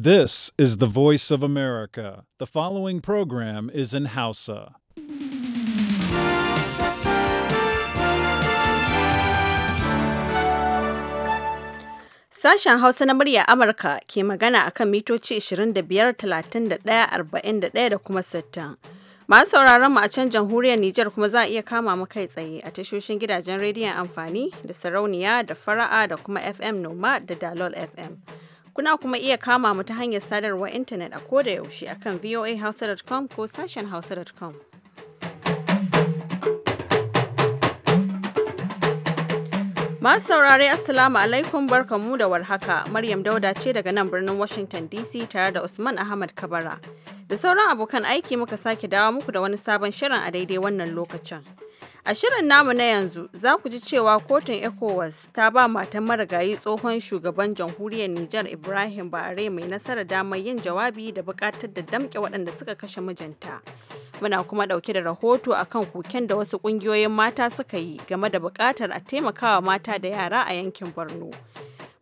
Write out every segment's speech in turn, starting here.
This is the voice of America. The following program is in Hausa. Sashen Hausa na murya Amurka ke magana akan mitoci 25, 31, 41 da kuma 60. Masu sauraron mu a can jamhuriyar Nijar kuma za a iya kama mu kai tsaye a tashoshin gidajen rediyon amfani da sarauniya da fara'a da kuma FM Noma da Dalol FM. Kuna kuma iya kama mu ta hanyar sadarwar intanet a koda yaushe akan voahausa.com ko sashen hausa.com. Masu saurare Assalamu alaikum barkanmu da warhaka. Maryam Dauda ce daga nan birnin Washington DC tare da Usman Ahmad Kabara. Da sauran abokan aiki muka sake dawo muku da wani sabon shirin a daidai wannan lokacin. A shirin namu na yanzu za ku ji cewa kotun ECOWAS ta ba matan marigayi tsohon shugaban jamhuriyar Nijar Ibrahim Bare mai nasara damar yin jawabi da bukatar da damke waɗanda suka kashe mijinta. Muna kuma ɗauke da rahoto akan kuken da wasu ƙungiyoyin mata suka yi game da buƙatar a taimakawa mata da yara a yankin Borno.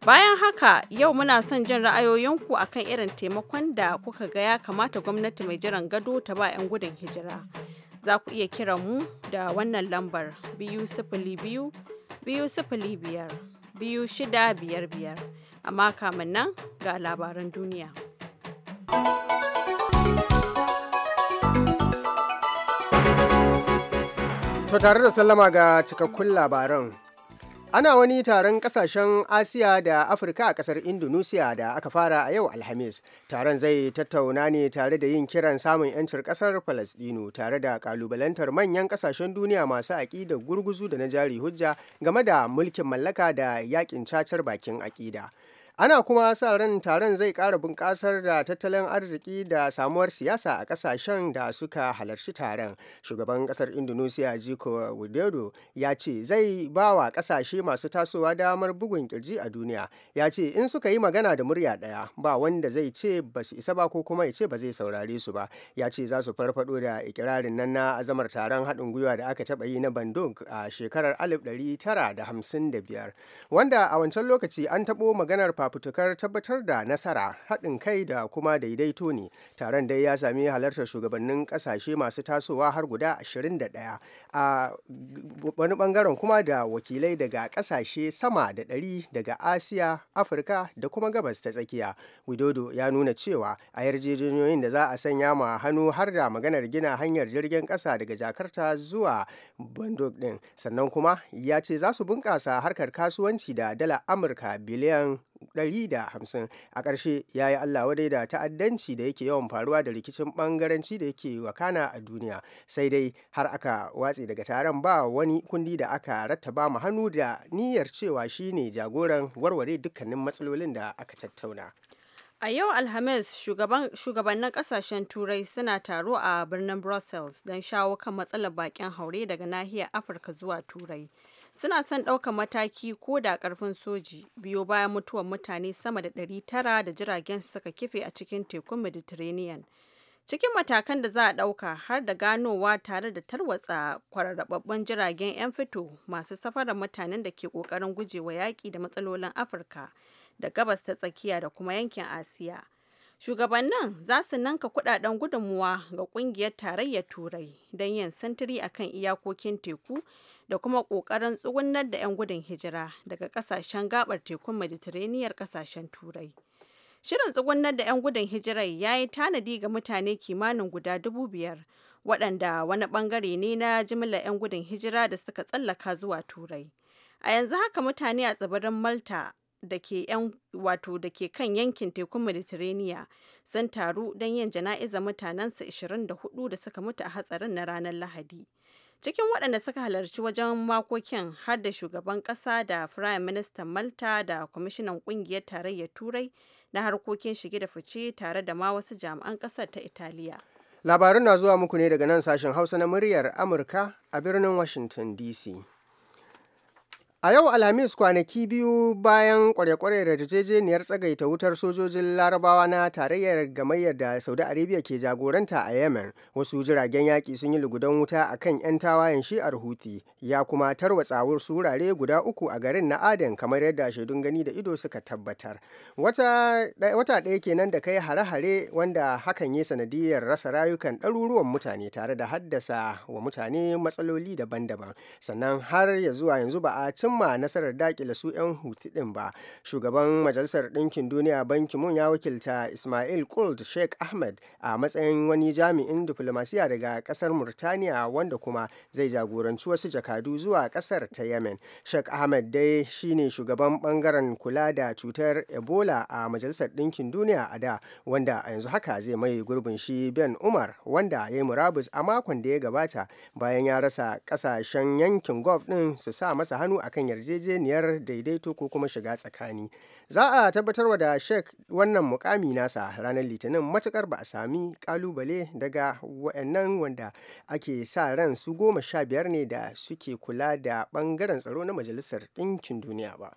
Bayan haka yau muna son jin ra'ayoyinku akan irin taimakon da kuka ga ya kamata gwamnati mai jiran gado ta ba 'yan gudun hijira. za ku iya kira mu da wannan lambar biyu sifili biyu biyu sifili biyar biyu shida biyar biyar amma kamin nan ga labaran duniya. To tare da sallama ga cikakkun labaran ana wani taron kasashen asiya da afirka a kasar indonesia da aka fara a yau alhamis taron zai tattauna ne tare da yin kiran samun 'yancin kasar palestino tare da kalubalantar manyan kasashen duniya masu aƙidar gurguzu da na jari hujja game da mulkin mallaka da yakin cacar bakin aƙida ana kuma sa ran taron zai ƙara bunƙasar da tattalin arziki da samuwar siyasa a ƙasashen da suka halarci taron shugaban ƙasar indonesia jiko widodo ya ce zai ba wa ƙasashe masu tasowa damar bugun ƙirji a duniya ya ce in suka yi magana da murya ɗaya ba wanda zai ce ba su isa ba ko kuma ya ce ba zai saurare su ba ya ce za su farfado da ikirarin nan na azamar taron haɗin gwiwa da aka taɓa yi na bandung a shekarar 1955 wanda a wancan lokaci an taɓo maganar fafutukar tabbatar da nasara haɗin kai da kuma daidaito ne taron dai ya sami halartar shugabannin ƙasashe masu tasowa har guda 21 a wani ɓangaren kuma da wakilai daga ƙasashe sama da ɗari daga asiya afirka da kuma gabas ta tsakiya widodo ya nuna cewa a yarjejeniyoyin da za a sanya ma hannu har da maganar gina hanyar jirgin ƙasa daga jakarta zuwa bandok ɗin sannan kuma ya ce za su bunƙasa harkar kasuwanci da dala amurka biliyan 150 a ƙarshe ya yi allah wadai da ta'addanci da yake yawan faruwa da rikicin bangaranci da yake wakana a duniya sai dai har aka watse daga taron ba wani kundi da aka rattaba mu hannu da niyyar cewa shine jagoran warware dukkanin matsalolin da aka tattauna A yau Alhamis shugabannin kasashen Turai suna taro a birnin Brussels don shawo kan matsalar bakin haure daga nahiyar Afirka zuwa Turai. suna son ɗaukar mataki ko da ƙarfin soji biyo bayan mutuwar mutane sama da 900 da jiragen suka kife a cikin tekun mediterranean cikin matakan da za a ɗauka har da ganowa tare da tarwatsa kwararrababban jiragen 'yan fito masu safarar mutanen da ke ƙoƙarin gujewa yaƙi da matsalolin afirka da gabas ta tsakiya da kuma yankin asiya shugabannin za su nanka kudaden gudunmuwa ga kungiyar tarayyar turai don yin sintiri akan iyakokin teku da kuma ƙoƙarin tsugunar da 'yan gudun hijira daga ƙasashen gabar tekun mediterranean ƙasashen turai shirin tsugunar da 'yan gudun hijirar ya yi tanadi ga mutane kimanin guda dubu biyar waɗanda wani bangare ne na jimlar 'yan gudun hijira da suka tsallaka zuwa turai a yanzu haka mutane a tsibirin malta da ke wato da kan yankin tekun mediterranean sun taru don yin jana'izar mutanensu 24 da suka mutu a hatsarin na ranar lahadi Cikin waɗanda suka halarci wajen makokin har da shugaban ƙasa da Firayim Ministan Malta da kwamishinan ƙungiyar tarayyar Turai na harkokin shige da fice tare da ma wasu jami'an ƙasar ta Italiya. Labarin na zuwa muku ne daga nan sashen Hausa na muryar Amurka a birnin Washington DC. A yau Alhamis kwanaki biyu bayan kware-kware da yarjejeniyar tsagaita wutar sojojin larabawa na tarayyar gamayyar da Saudi Arabia ke jagoranta a Yemen, wasu jiragen yaƙi sun yi lugudan wuta a kan 'yan tawayen shi'ar Houthi, ya kuma tarwatsa wasu wurare guda uku a garin na Aden kamar yadda shaidun gani da ido suka tabbatar. Wata ɗaya kenan da kai hare-hare wanda hakan yi sanadiyar rasa rayukan ɗaruruwan mutane tare da haddasa wa mutane matsaloli daban-daban. Sannan har ya zuwa yanzu ba a cin cimma nasarar dakile su 'yan hutu din ba shugaban majalisar ɗinkin duniya banki mun ya wakilta ismail kult sheikh ahmed a matsayin wani jami'in diplomasiya daga ƙasar murtaniya wanda kuma zai jagoranci wasu jakadu zuwa ƙasar ta yemen sheikh ahmed dai shine shugaban ɓangaren kula da cutar ebola a majalisar ɗinkin duniya a da wanda a yanzu haka zai mai gurbin shi ben umar wanda ya yi murabus a makon da ya gabata bayan ya rasa kasashen yankin gov din su sa masa hannu akan yarjejeniyar daidaito ko kuma shiga tsakani za a tabbatarwa da shek wannan mukami nasa ranar litinin matukar ba a sami kalubale daga waɗannan wanda ake sa ran su goma sha biyar ne da suke kula da bangaren tsaro na majalisar ɗinkin duniya ba.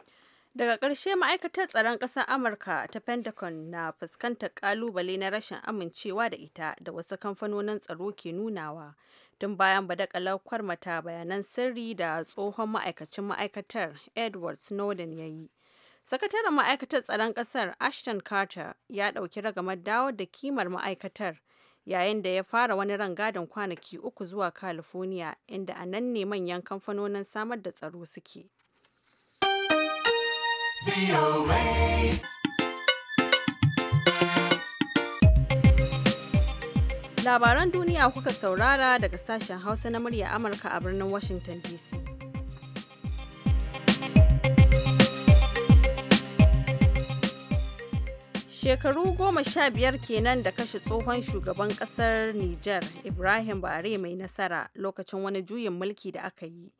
Daga ƙarshe ma'aikatar tsaron ƙasar Amurka ta Pentagon na fuskantar ƙalubale na rashin amincewa da ita da wasu kamfanonin tsaro ke nunawa tun bayan badakalar mata bayanan sirri da tsohon ma'aikacin ma'aikatar Edward Snowden ya yi. Sakataren ma'aikatar tsaron ƙasar Ashton Carter ya ɗauki ragamar dawo da kimar ma'aikatar yayin da ya fara wani rangadin kwanaki uku zuwa California inda a nan ne manyan kamfanonin samar da tsaro suke. Labaran duniya kuka saurara daga sashen Hausa na murya Amurka a birnin Washington DC. Shekaru goma sha biyar kenan da kashe tsohon shugaban ƙasar Nijar Ibrahim Bare mai nasara lokacin wani juyin mulki da aka yi.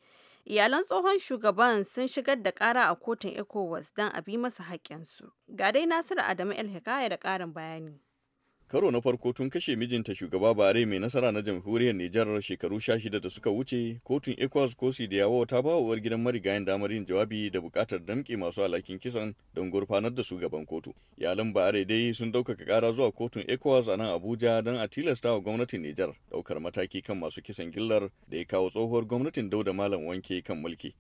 Iyalan tsohon shugaban sun shigar da kara a kotun ECOWAS don a bi masa haƙƙinsu. Ga dai Nasiru Adamu El Hikaya da ƙarin bayani. karo na farko tun kashe mijinta shugaba bare mai nasara na jamhuriyar nijar shekaru sha shida da suka wuce kotun ecuador kosi da yawo ta ba uwar gidan marigayen damar yin jawabi da bukatar damke masu alhakin kisan don gurfanar da su gaban kotu iyalan bare dai sun ɗaukaka kara zuwa kotun ecuador a nan abuja don a tilasta wa gwamnatin nijar ɗaukar mataki kan masu kisan gillar da ya kawo tsohuwar gwamnatin dauda malam wanke kan mulki.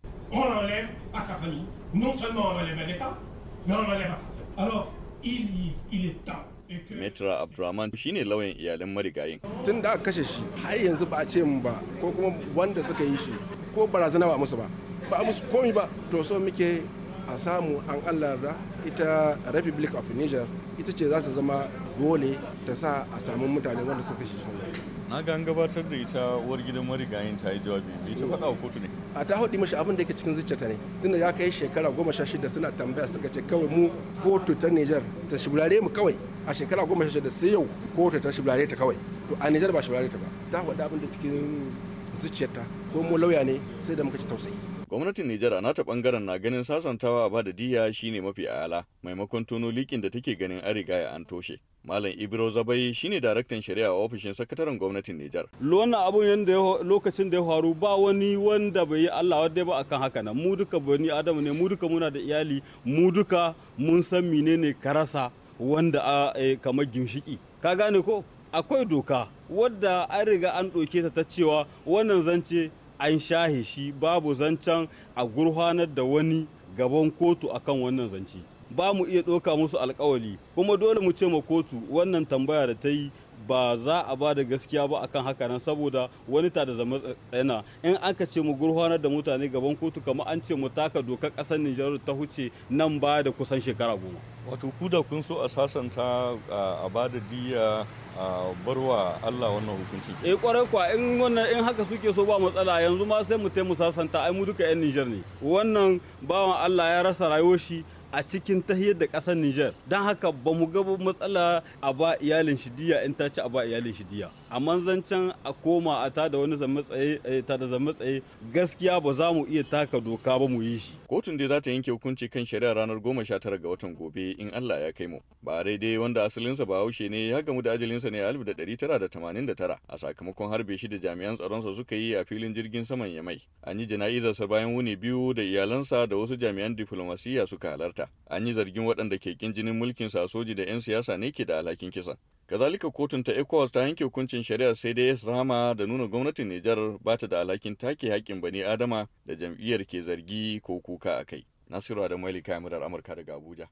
Alors, il, il est temps Metra Abdurrahman shine lauyan iyalin marigayin. Tun da aka kashe shi har yanzu ba a ce mu ba ko kuma wanda suka yi shi ko barazana ba musu ba ba musu komi ba to so muke a samu an da ita Republic of Niger ita ce za su zama dole ta sa a samu mutane wanda suka kashe shi. Na ga an gabatar da ita uwar gidan marigayin ta yi jawabi me ta faɗa wa kotu ne. A ta haɗi mashi abin da yake cikin zuciyarta ne tunda ya kai shekara goma sha shida suna tambaya suka ce kawai mu kotu ta Niger ta shigulare mu kawai a shekara goma sha da sai yau kotu ta shibulare ta kawai to a nijar ba shibulare ta ba ta faɗi abin da cikin zuciyarta ko mu lauya ne sai da muka ci tausayi gwamnatin nijar a nata bangaren na ganin sasantawa a da diya shine mafi ayala maimakon tono likin da take ganin an riga ya an toshe Malam Ibro Zabai shine daraktan shari'a a ofishin sakataren gwamnatin Nijar. Wannan abun yadda lokacin da ya faru ba wani wanda bai yi Allah wadda ba akan haka nan. Mu duka bani Adamu ne, mu duka muna da iyali, mu duka mun san menene karasa wanda a e, kamar gimshiki ka gane ko akwai doka wadda an riga an ɗauke ta ta cewa wannan zance an shahe shi babu zancen a gurfanar da wani gaban kotu akan wannan zance ba mu iya ɗauka musu alkawali kuma dole mu ce ma kotu wannan tambaya da ta yi ba za a ba da gaskiya ba akan haka nan saboda wani ta da zama tsena in aka ce mu gurfanar da mutane gaban kotu kamar an ce mu taka dokar ƙasar Nijar ta huce nan ba da kusan shekara goma. wato ku da kun so a sasanta a ba da diya a barwa Allah wannan hukunci eh kwarai kwa in wannan in haka suke so ba matsala yanzu ma sai mu taimu sasanta ai mu duka yan Niger ne wannan bawan Allah ya rasa rayuwarshi a cikin tahiyar da ƙasar Niger don haka ba mu ga matsala a ba iyalin shi diya in ta ci a ba iyalin shi diya a zancen a koma a tada wani eh, zama tsaye gaskiya ba za mu iya taka doka ba mu yi shi kotun dai za ta yanke hukunci kan shari'a ranar goma sha tara ga watan gobe in Allah ya kai mu ba dai wanda asalinsa ba haushe ne ya gamu da ajalinsa ne a 1989 a sakamakon harbe shi da jami'an tsaronsa suka yi a filin jirgin saman yamai an yi jana'izarsa bayan wuni biyu da iyalansa da wasu jami'an diflomasiyya suka halarta an yi zargin waɗanda ke kin jinin mulkin sa soji da 'yan siyasa ne ke da alhakin kisan kazalika kotun ta ecowas ta yanke hukuncin kwamitin shari'ar sai dai rama da nuna gwamnatin Nijar ba ta da alhakin take haƙƙin bani Adama da jam'iyyar ke zargi ko kuka a kai. Nasiru da Malika Amirar Amurka daga Abuja.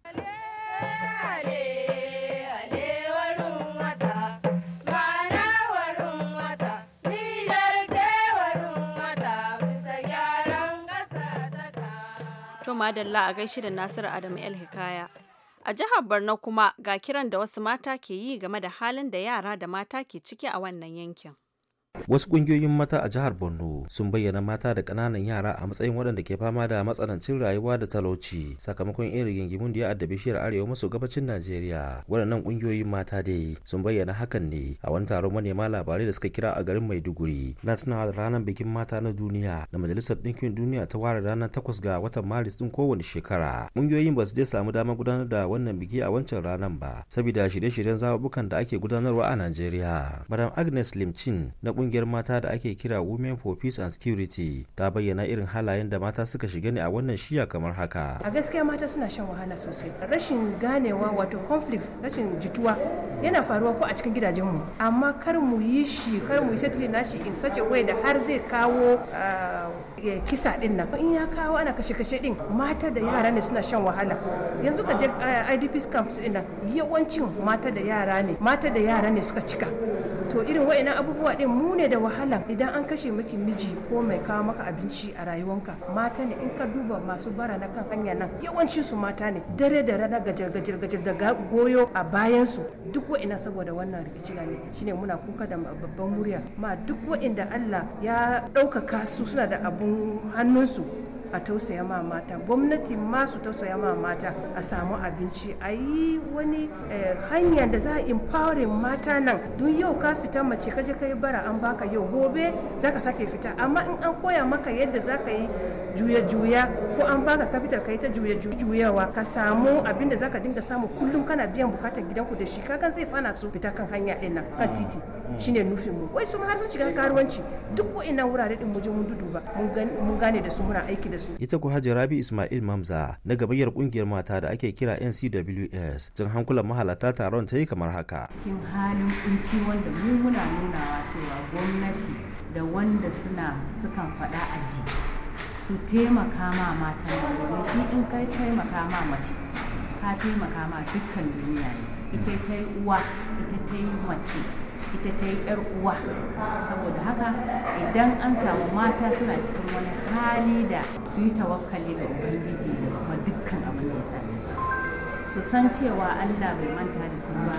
To madalla a gaishe da Nasiru Adamu El Hikaya. A jihar Borno kuma ga kiran da wasu mata ke yi game da halin da yara da mata ke ciki a wannan yankin. wasu kungiyoyin mata a jihar borno sun bayyana mata da ƙananan yara a matsayin waɗanda ke fama da matsanancin rayuwa da talauci sakamakon irin gingimin da ya addabi shiyar arewa maso gabacin najeriya waɗannan ƙungiyoyin mata dai sun bayyana hakan ne a wani taron manema labarai da suka kira a garin maiduguri na tunawa da ranar bikin mata na duniya da majalisar ɗinkin duniya ta ware ranar takwas ga watan maris ɗin kowane shekara kungiyoyin ba su dai samu damar gudanar da wannan biki a wancan ranar ba saboda shirye-shiryen zaɓuɓɓukan da ake gudanarwa a najeriya madam agnes limchin na kungiyar mata da ake kira women for peace and security ta bayyana irin halayen da mata suka shiga ne a wannan shiya kamar haka a gaskiya mata suna shan wahala sosai rashin ganewa wato conflicts rashin jituwa yana faruwa ko a cikin gidajenmu amma kar mu yi shi kar mu yi na shi in such a da har zai kawo eh, eh, kisa din nan in ya kawo ana kashe kashe din mata da yara ne suna shan wahala yanzu ka je eh, idp camps din nan yawancin mata da yara ne mata da yara ne suka cika to irin wa'ina abubuwa din mu ne da wahala idan an kashe maki miji ko mai kawo maka abinci a rayuwanka mata ne in ka duba masu bara na kan hanya nan yawancin su mata ne dare da rana gajar gajar gajar da goyo a bayan su duk wa'ina saboda wannan rikicin ne shine muna kuka da babban murya ma duk wa'inda Allah ya ɗaukaka su suna da abun hannunsu a tausaya ma mata gwamnati ma su tausaya ma mata a samu abinci a yi wani eh, hanya da za a empowering mata nan don yau ka fita mace kaje kai bara an baka yau gobe zaka sake fita amma in an koya maka yadda zaka yi juya-juya ko an baka capital kai ta juya-juyawa ka samu abin da zaka dinga samu kullum kana biyan bukatar gidanku da shi kakan zai fana su fita kan hanya din nan kan titi mm. shine nufin mu wai su har sun shiga karuwanci duk wa'annan wurare din mu je mun duduba mun gane da su muna aiki da su ita ku Hajji Rabi Ismail Mamza na gabayar kungiyar mata da ake kira NCWS jan hankulan mahalata taron ta yi kamar haka cikin halin kunci wanda mu muna nunawa cewa gwamnati da wanda suna sukan faɗa a ji. su taimaka ma matan nan shi in kai taimaka ma mace ka taimaka ma dukkan duniya ne ita ta yi uwa ita ta yi mace ita ta yi yar uwa saboda haka idan an samu mata suna cikin wani hali da su yi tawakkali ga ubangiji da kuma dukkan abin da ya same su su san cewa allah bai manta da su ba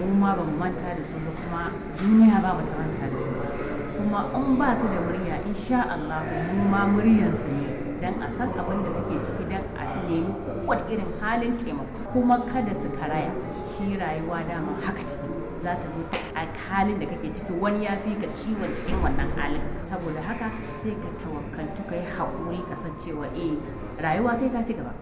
mu ma ba mu manta da su ba kuma duniya ba ta manta da su ba kuma in ba su da murya insha Allah kuma ma su ne dan a san abin da suke ciki dan a nemi kowace irin halin taimako kuma kada su karaya shi rayuwa dama haka take za ta zo a halin da kake ciki wani ya fi ka ciwon cikin wannan halin saboda haka sai ka tawakkaltu ka yi haƙuri kasancewa eh rayuwa sai ta ci gaba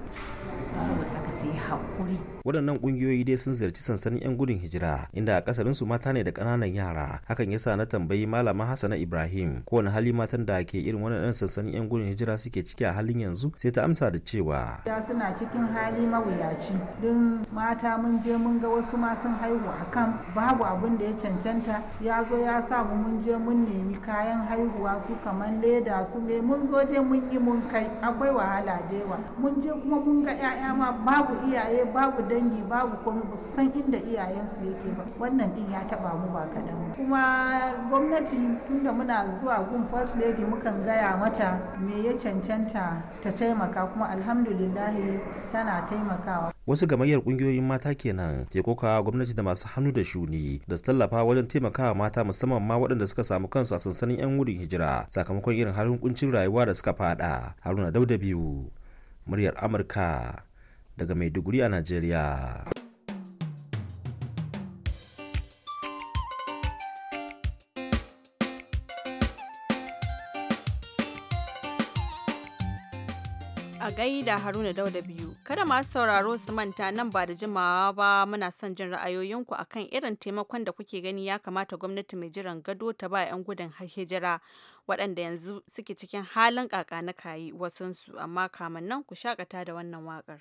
su yi haƙuri. waɗannan ƙungiyoyi dai sun ziyarci sansanin 'yan gudun hijira inda a ƙasarin su mata ne da ƙananan yara hakan yasa na tambayi malama hassana ibrahim kowane hali matan da ke irin waɗannan sansanin 'yan gudun hijira suke ciki a halin yanzu sai ta amsa da cewa ya suna cikin hali mawuyaci don mata mun je mun ga wasu ma sun haihu a kan babu abin da ya cancanta ya zo ya sa mu mun je mun nemi kayan haihuwa su kamar leda su ne mun zo dai mun yi mun kai akwai wahala da yawa mun je kuma mun ga 'ya'ya ma babu babu iyaye babu dangi babu komai ba su san inda iyayensu yake ba wannan din ya taba mu ba kaɗan kuma gwamnati tunda muna zuwa gun first lady mukan gaya mata me ya cancanta ta taimaka kuma alhamdulillah tana taimakawa wasu gamayyar kungiyoyin mata kenan ke koka gwamnati da masu hannu da shuni da su tallafa wajen taimakawa mata musamman ma waɗanda suka samu kansu a sansanin 'yan wurin hijira sakamakon irin halin kuncin rayuwa da suka fada haruna dauda biyu muryar amurka daga Maiduguri a Najeriya. a gaida haruna dauda biyu kada masu sauraro su manta nan ba da jimawa ba muna son jin ra'ayoyinku akan irin taimakon da kuke gani ya kamata gwamnati mai jiran gado ta ba 'yan gudun hijira waɗanda yanzu suke cikin halin kaka na kayi wasansu amma kamannan ku shakata da wannan waƙar.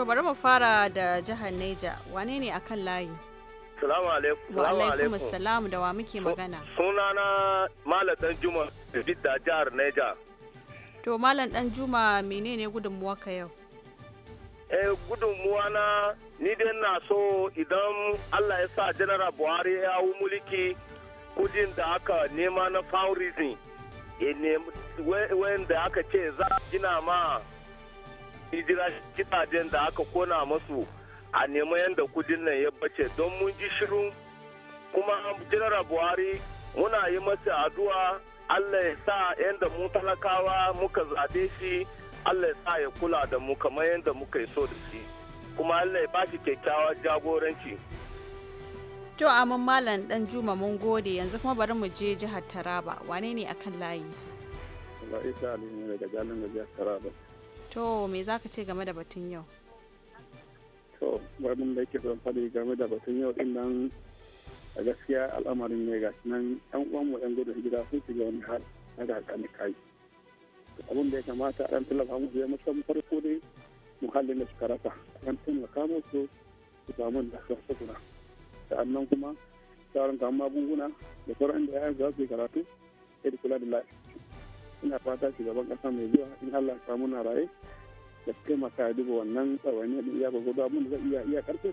To bari mu fara da jihar Neja. Wane ne akan layi? Salamu alaikum. Wa alaikum da wa muke magana. Sunana Malam Dan Juma da jihar Neja. To Malam Dan Juma menene gudunmuwa ka yau? Eh gudunmuwa na ni dai na so idan Allah ya sa General Buhari ya hau mulki kudin da aka nema na foundation. wanda aka ce za a gina ma hijira gidajen da aka kona masu a nema yadda kudin nan ya bace don mun ji shiru kuma general buhari muna yi masa addu'a allah ya sa yadda mu talakawa muka zaɓe shi allah ya sa ya kula da mu kamar yadda muka yi so da shi kuma allah ya ba shi kyakkyawar jagoranci to amin malam dan juma mun gode yanzu kuma bari mu je jihar taraba wane ne akan layi? Allah isa ne daga jalin jihar taraba to me za ka ce game da batun yau to babin da ke son faɗi game da batun yau din nan a gaskiya al'amarin ne gashi nan yan uwan mu ɗan gudun gida sun shiga wani har na da hakani kai abin da ya kamata a ɗan tallafa mu ya musamman farko dai muhallin da suka rasa ɗan taimaka musu su samu da suka sukura nan kuma sauran kamar magunguna da sauran da ya yi za su yi karatu sai da kula da ina fata gaban kasa mai zuwa in Allah ya samu na raye da su taimaka ya duba wannan tsawani da iya gwagwado abin da zai iya iya karfe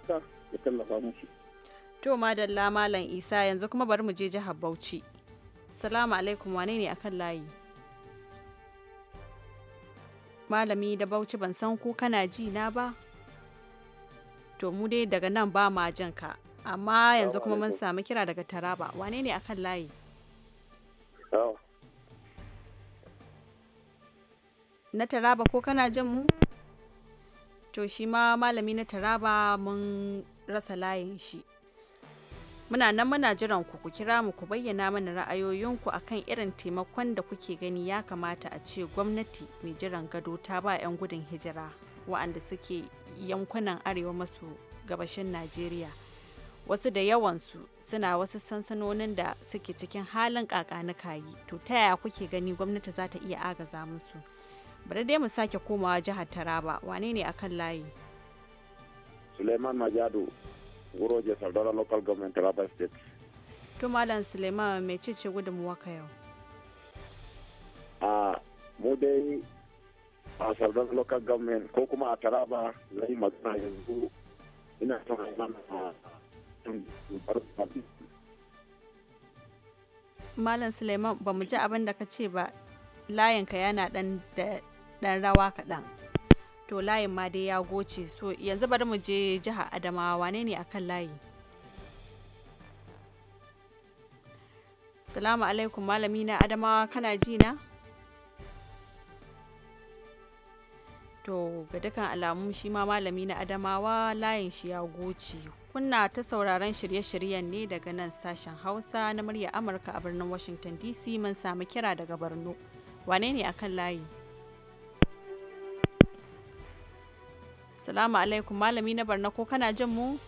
ya tallafa musu. To madalla malam Isa yanzu kuma bari mu je jihar Bauchi. Salamu alaikum wane ne akan layi? Malami da Bauchi ban san ko kana ji na ba? To mu dai daga nan ba ma jinka. ka. Amma yanzu kuma mun samu kira daga Taraba wane ne akan layi? na taraba ko kana jin mu to shi ma malami na taraba mun rasa layin shi muna nan muna jiran ku ku kira mu ku bayyana mana ra'ayoyinku akan irin taimakon da kuke gani ya kamata a ce gwamnati mai jiran gado ta ba 'yan gudun hijira wa'anda suke yankunan arewa maso gabashin najeriya wasu da yawansu suna wasu sansanonin da suke cikin halin kayi to ta yaya kuke gani gwamnati za ta iya agaza musu bari dai mu sake komawa jihar taraba wane ne akan layi suleiman majado guroje sardara local government taraba state to malam suleiman me ce cece gudunmuwa ka yau a mu dai a sardar local government ko kuma a taraba zai magana yanzu ina son a mana Malam Suleiman ba mu ji abin da ka ce ba layinka yana dan da ɗan rawa kaɗan to layin ma dai ya goce so yanzu bari mu je jiha adamawa wane ne akan layi salamu alaikum malami na adamawa kana ji na to ga dukkan alamu shi ma malami na adamawa layin shi ya goce kunna ta sauraron shirye-shiryen ne daga nan sashen hausa na murya amurka a birnin washington dc mun samu kira daga borno wane ne akan layi asalamu alaikum malami na barna ko kana jin mu?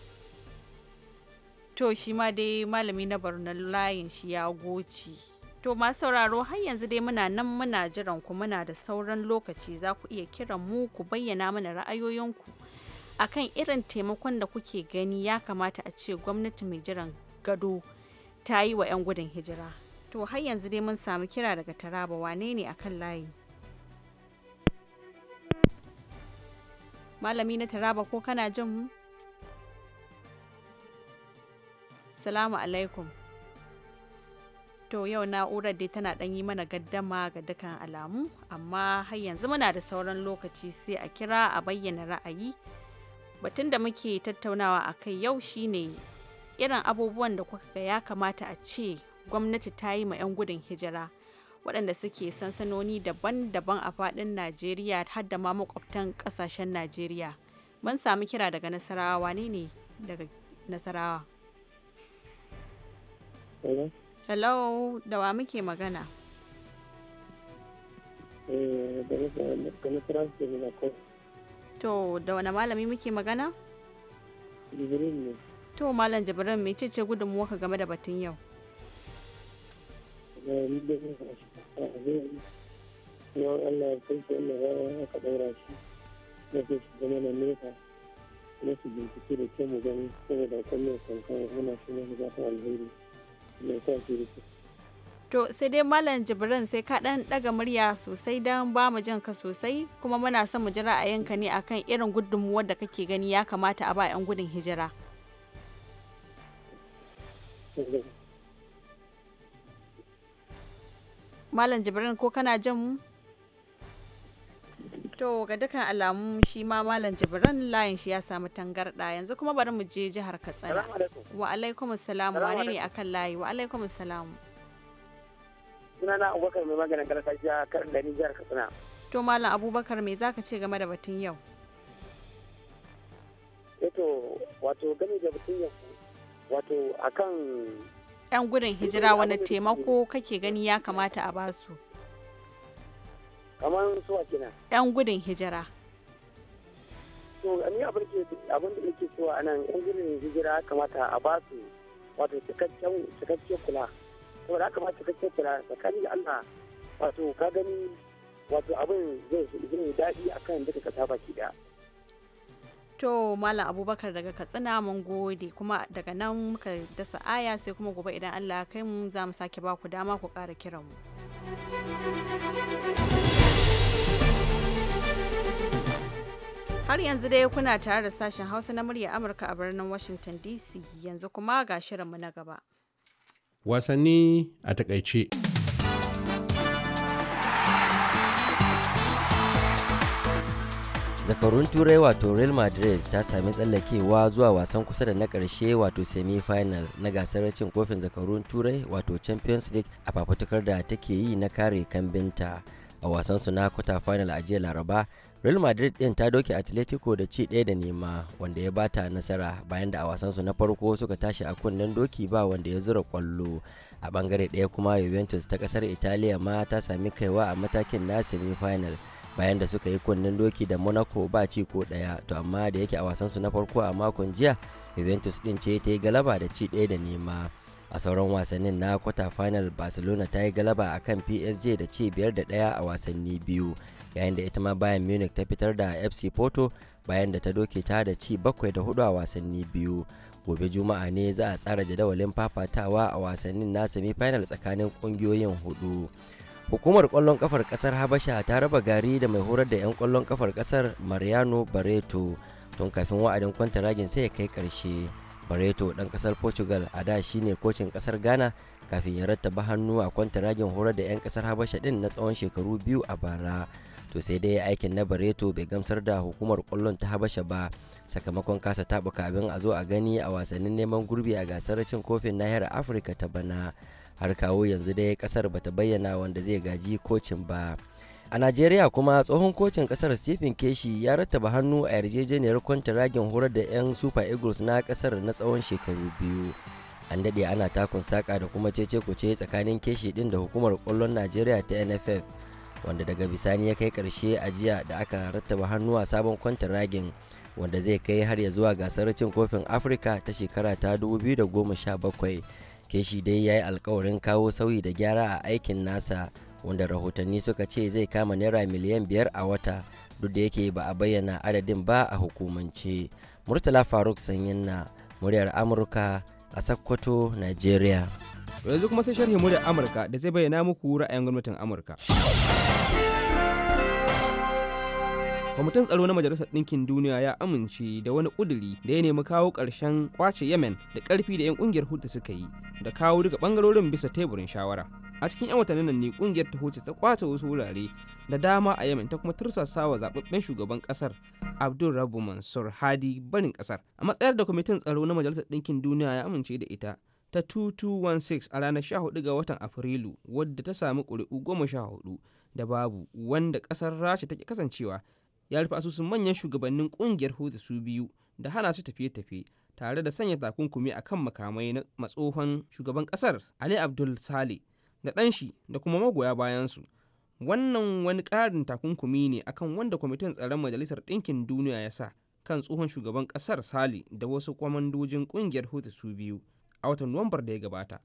To shi ma dai malami na barna layin shi ya goce. To ma sauraro har yanzu dai muna nan muna jiran ku muna da sauran lokaci za ku iya kiran mu ku bayyana mana ra'ayoyinku akan irin taimakon da kuke gani ya kamata a ce gwamnati mai jiran gado ta yi wa 'yan gudun hijira. To har yanzu dai mun samu kira daga Taraba wane ne akan layi? malami na taraba ko kana jin mu salamu alaikum to yau na'urar dai tana ɗan yi mana gaddama ga dukkan alamu amma har yanzu muna da sauran lokaci sai a kira a bayyana ra'ayi batun da muke tattaunawa a kai yau shine irin abubuwan da kuka ga ya kamata a ce gwamnati ta yi ma 'yan gudun hijira waɗanda suke sansanoni daban-daban a faɗin Najeriya har da ma makwabtan ƙasashen Najeriya. Mun samu kira daga Nasarawa wane ne daga Nasarawa? Hello, da wa muke magana? Eh, to, da wane malami muke magana? Jibril ne. To, Malam Jibril, mece ce gudunmuwa game da batun yau? da ni da ni a zai yau Allah ya kai shi Allah ya aka daura shi da ke shi zama na nefa na su bincike da kyau mu gani saboda kwallon kankan muna shi ne za ta alheri da ya sa shi da shi. To sai dai Malam Jibrin sai ka ɗan ɗaga murya sosai don ba mu jan ka sosai kuma muna son mu ji ra'ayinka ne akan irin gudunmuwar da kake gani ya kamata a ba 'yan gudun hijira. Malam Jibrin ko kana jin mu? To ga dukkan alamu shi ma Malam Jibrin layin shi ya samu tangarɗa yanzu kuma bari mu je jihar Katsina. Wa alaikum salam wane ne akan layi wa alaikum salam. Sunana Abubakar mai maganin gargajiya kan gani jihar Katsina. To Malam Abubakar me zaka ce game da batun yau? Eto eh wato game da batun yau wato akan 'yan gudun hijira wani taimako kake gani ya kamata a basu? kamar su a kina. 'yan gudun hijira. to ni abin da yake cewa anan 'yan gudun hijira kamata a basu wato cikakken kula saboda da kamata cikakken kula tsakanin Allah wato ka gani wato abin zai daɗi a kan duka kasa baki daya. to malam abubakar daga katsina mun gode kuma daga nan muka dasa aya sai kuma gobe idan allah kai mu za mu sake baku dama ku ƙara kiran mu har yanzu dai kuna tare da sashen hausa na murya amurka a birnin washington dc yanzu kuma ga shirinmu na gaba wasanni a takaice zakarun turai wato real madrid ta sami tsallakewa zuwa wasan kusa da na karshe wato semi-final na gasar cin kofin zakarun turai wato champions league a fafutukar da take yi na kare kambinta a wasan su na quarter final a jiya laraba real madrid din ta doke atletico da ci ɗaya da nema wanda ya bata nasara bayan da a wasan su na farko suka tashi a kunnen doki ba wanda ya zura kwallo a bangare ɗaya kuma juventus ta kasar italiya ma ta sami kaiwa a matakin na semi-final bayan da suka yi kunnen doki da monaco ba ci ko daya to amma da yake a wasansu na farko a makon jiya juventus din ce ta yi galaba da ci daya da nema a sauran wasannin na kwata final barcelona ta yi galaba a kan psg da ci biyar da ɗaya a wasanni biyu yayin da ita ma bayan munich ta fitar da fc porto bayan da ta doke ta da ci bakwai da hudu a wasanni biyu gobe juma'a ne za a tsara jadawalin fafatawa a wasannin na semi final tsakanin kungiyoyin hudu hukumar kwallon kafar kasar habasha ta raba gari da mai horar da 'yan kwallon kafar kasar mariano bareto tun kafin wa'adin kwantaragin sai ya kai karshe bareto dan kasar portugal a da shine kocin kasar ghana kafin ya rattaba hannu a kwantaragin horar da 'yan kasar habasha din na tsawon shekaru biyu a bara to sai dai aikin na bareto bai gamsar da hukumar kwallon ta habasha ba sakamakon kasa tabuka abin a zo a gani a wasannin neman gurbi a gasar cin kofin nahiyar afirka ta bana har kawo yanzu dai kasar bata bayyana wanda zai gaji kocin ba a najeriya kuma tsohon kocin kasar stephen keshi ya rattaba hannu a yarjejeniyar ragin horar da 'yan super eagles na kasar na tsawon shekaru biyu an daɗe ana takun saƙa da kuma cece kuce tsakanin keshi ɗin da hukumar kwallon najeriya ta nff wanda daga bisani ya kai ƙarshe a jiya da aka rattaba hannu a sabon kwantaragin ragin wanda zai kai har ya zuwa gasar cin kofin afirka ta shekara ta 2017 keshi dai ya yi alkawarin kawo sauyi da gyara a aikin nasa wanda rahotanni suka ce zai kama naira miliyan biyar a wata duk da yake ba a bayyana adadin ba a hukumance murtala faruk sanyin na muryar amurka a sakkwato nigeria yanzu kuma sai sharhi muryar amurka da zai bayyana muku ra'ayin gwamnatin amurka kwamitin tsaro na majalisar ɗinkin duniya ya amince da wani ƙuduri da ya nemi kawo ƙarshen kwace yemen da ƙarfi da 'yan ƙungiyar hutu suka yi da kawo duka ɓangarorin bisa teburin shawara a cikin 'yan watannin nan ne ƙungiyar ta huce ta kwace wasu wurare da dama a yemen ta kuma tursasa wa zaɓaɓɓen shugaban ƙasar abdul rabu mansur hadi barin ƙasar a matsayar da kwamitin tsaro na majalisar ɗinkin duniya ya amince da ita ta 2216 a ranar 14 ga watan afrilu wadda ta sami ƙuri'u 14 da babu wanda ƙasar rasha take kasancewa ya rufe asusun manyan shugabannin kungiyar hutu su biyu da hana su tafiye-tafiye tare da sanya takunkumi a kan makamai na matsohon shugaban kasar ali abdul sale da ɗanshi da kuma magoya bayansu wannan wani ƙarin takunkumi ne akan wanda kwamitin tsaron majalisar ɗinkin duniya ya sa kan tsohon shugaban kasar sale da wasu kwamandojin kungiyar hutu su biyu a watan nuwambar da ya gabata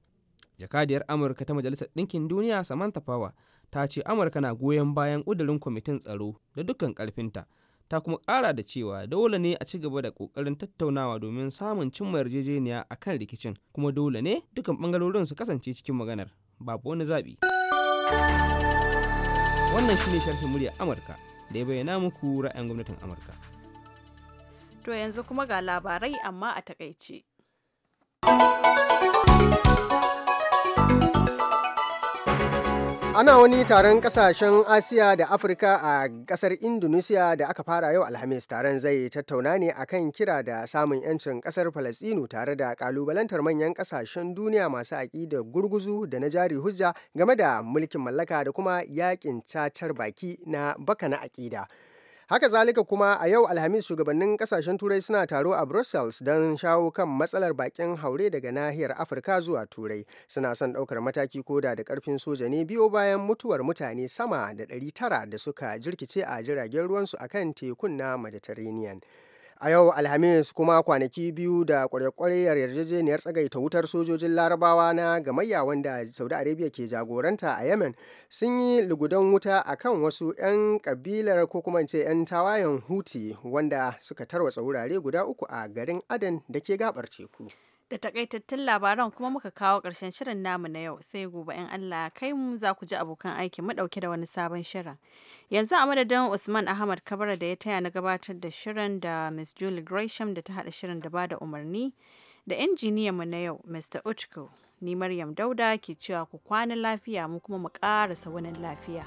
jakadiyar amurka ta majalisar ɗinkin duniya samantha power ta ce amurka na goyon bayan ƙudurin kwamitin tsaro da dukkan ƙarfinta ta kuma ƙara da cewa dole ne a ci gaba da ƙoƙarin tattaunawa domin samun cimma yarjejeniya a kan rikicin kuma dole ne dukkan ɓangarorin su kasance cikin maganar babu wani zaɓi wannan shine sharhin muryar amurka da ya bayyana muku ra'ayin gwamnatin amurka to yanzu kuma ga labarai amma a takaice ana wani taron kasashen asiya da afirka a kasar indonesia da aka fara yau alhamis taron zai tattauna ne akan kira da samun yancin kasar falastinu tare da kalubalantar manyan kasashen duniya masu aƙidar gurguzu da na jari hujja game da mulkin mallaka da kuma yakin cacar baki na baka na aƙida haka zalika kuma a yau alhamis shugabannin kasashen turai suna taro a brussels don shawo kan matsalar bakin haure daga nahiyar afirka zuwa turai suna son daukar mataki koda da karfin soja ne biyo bayan mutuwar mutane sama da 900 da suka jirkice a jiragen ruwansu akan tekun na mediterranean a yau alhamis kuma kwanaki biyu da kwarekwariyar yarjejeniyar tsagaita wutar sojojin larabawa na gamayya wanda saudi arabia ke jagoranta a yemen sun yi lugudan wuta akan wasu 'yan kabilar ko kuma ce 'yan tawayen huti wanda suka tarwatsa wurare guda uku a garin adan da ke gabar teku Da takaitattun labaran kuma muka kawo ƙarshen shirin namu na yau sai gobe in Allah kai mu za ku ji abokan aiki mu ɗauke da wani sabon shirin. Yanzu a madadin Usman Ahmad Kabara da ya taya na gabatar da shirin da Miss Julie Gresham da ta haɗa shirin da ba da umarni da injiniyan mu na yau Mr. Utku. Ni Maryam Dauda ke cewa ku kwana lafiya mu kuma mu ƙara wani lafiya.